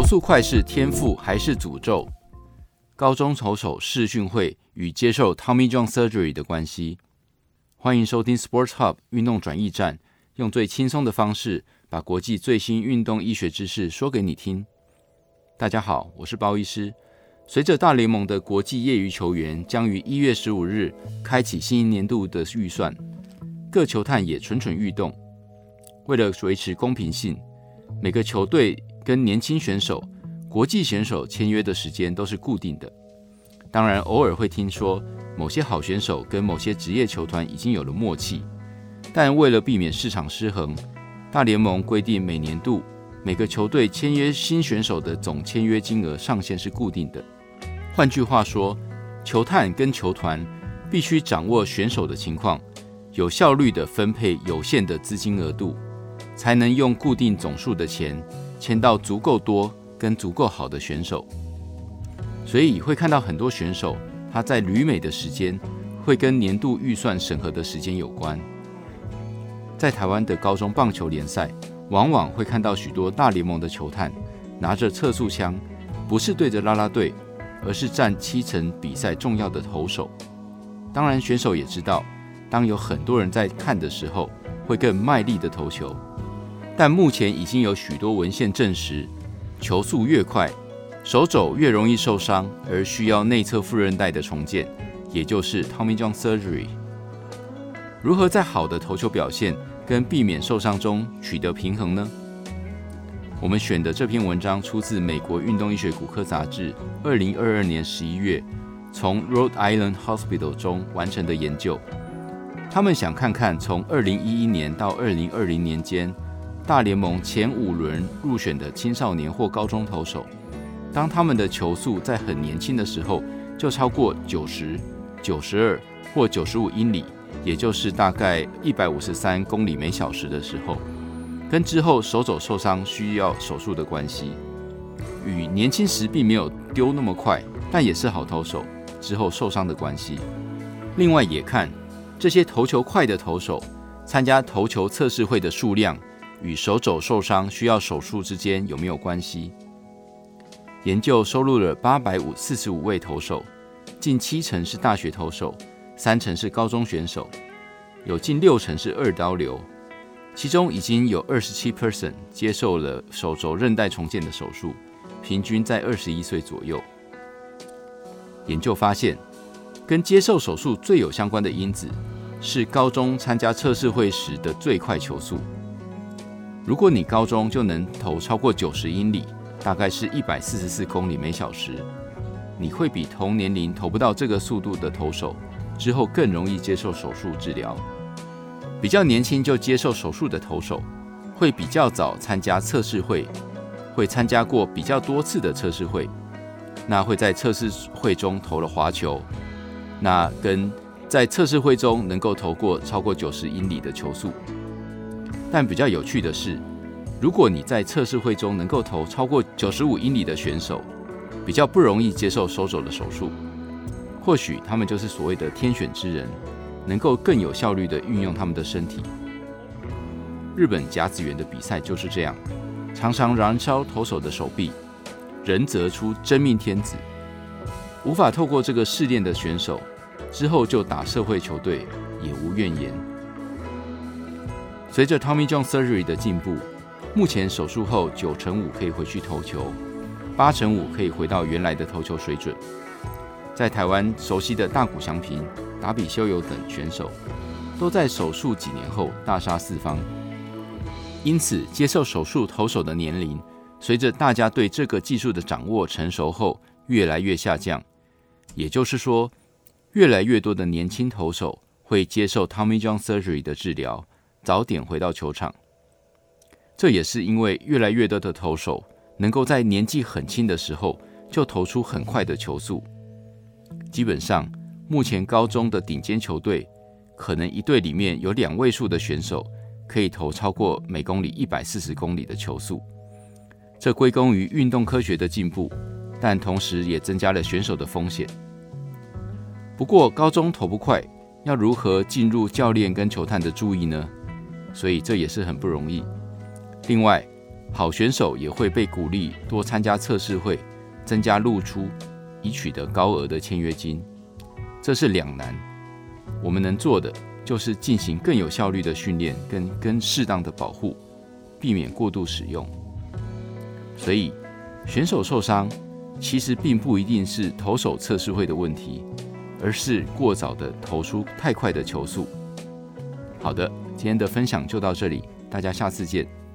球速快是天賦還是詛咒？高中投手試訓會與接受 Tommy John surgery 的關係。歡迎收聽 Sports Hub 運動轉驛站，用最輕鬆的方式把國際最新運動醫學知識說給你聽。大家好，我是包醫師。隨着大聯盟的國際業餘球員將於一月十五日開啟新一年度的預算，各球探也蠢蠢欲動。為了維持公平性，每個球隊，跟年輕選手、國際選手簽約的時間都是固定的。當然，偶爾會聽說某些好選手跟某些職業球團已經有了默契，但為了避免市場失衡，大聯盟規定每年度每個球隊簽約新選手的總簽約金額上限是固定的。換句話說，球探跟球團必須掌握選手的情況，有效率的分配有限的資金額度，才能用固定總數的錢。簽到足夠多跟足夠好的選手，所以會看到很多選手他在旅美的時間會跟年度預算審核的時間有關。在台灣的高中棒球聯賽，往往會看到許多大聯盟的球探拿着測速槍，不是對着啦啦隊，而是佔七成比賽重要的投手。當然，選手也知道，當有很多人在看的時候，會更賣力的投球。但目前已經有許多文獻證實，球速越快，手肘越容易受傷，而需要內側副韌帶的重建，也就是 Tommy John Surgery。如何在好的投球表現跟避免受傷中取得平衡呢？我們選的這篇文章出自《美國運動醫學骨科雜誌》，二零二二年十一月，從 Rhode Island Hospital 中完成的研究。他們想看看從二零一一年到二零二零年間。大聯盟前五輪入選的青少年或高中投手，當他們的球速在很年輕的時候就超過九十、九十二或九十五英里，也就是大概一百五十三公里每小時的時候，跟之後手肘受傷需要手術的關係，與年輕時並沒有丟那麼快，但也是好投手之後受傷的關係。另外也看這些投球快的投手參加投球測試會的數量，與手肘受傷需要手術之間有沒有關係？研究收錄了八百五四十五位投手，近七成是大學投手，三成是高中選手，有近六成是二刀流，其中已經有二十七 percent 接受了手肘韌帶重建的手術，平均在二十一歲左右。研究發現，跟接受手術最有相關的因子是高中參加測試會時的最快球速。如果你高中就能投超過九十英里，大概是一百四十四公里每小時，你會比同年齡投不到這個速度的投手，之後更容易接受手術治療。比較年輕就接受手術的投手，會比較早參加測試會，會參加過比較多次的測試會，那會在測試會中投了滑球，那跟在測試會中能夠投過超過九十英里的球速。但比較有趣的是，如果你在測試會中能夠投超過九十五英里的選手，比較不容易接受手肘的手術，或許他們就是所謂的天選之人，能夠更有效率地運用他們的身體。日本甲子園的比賽就是這樣，常常燃燒投手的手臂，人則出真命天子，無法透過這個試煉的選手，之後就打社會球隊，也無怨言。隨着 Tommy John surgery 的進步，目前手術後九成五可以回去投球，八成五可以回到原來的投球水準。在台灣熟悉的大谷翔平、達比修有等選手，都在手術幾年後大殺四方。因此，接受手術投手的年齡，隨着大家對這個技術的掌握成熟後，越來越下降。也就是說，越來越多的年輕投手會接受 Tommy John surgery 的治療。早點回到球場，這也是因為越來越多的投手能夠在年紀很輕的時候就投出很快的球速。基本上，目前高中的頂尖球隊可能一隊裡面有兩位數的選手可以投超過每公里一百四十公里的球速。這歸功於運動科學的進步，但同時也增加了選手的風險。不過，高中投不快，要如何進入教練跟球探的注意呢？所以這也是很不容易。另外，好選手也會被鼓勵多參加測試會，增加露出，以取得高額的簽約金。這是兩難。我們能做的就是進行更有效率的訓練跟更適當的保護，避免過度使用。所以，選手受傷其實並不一定是投手測試會的問題，而是過早的投出太快的球速。好的。今天的分享就到這裡，大家下次見。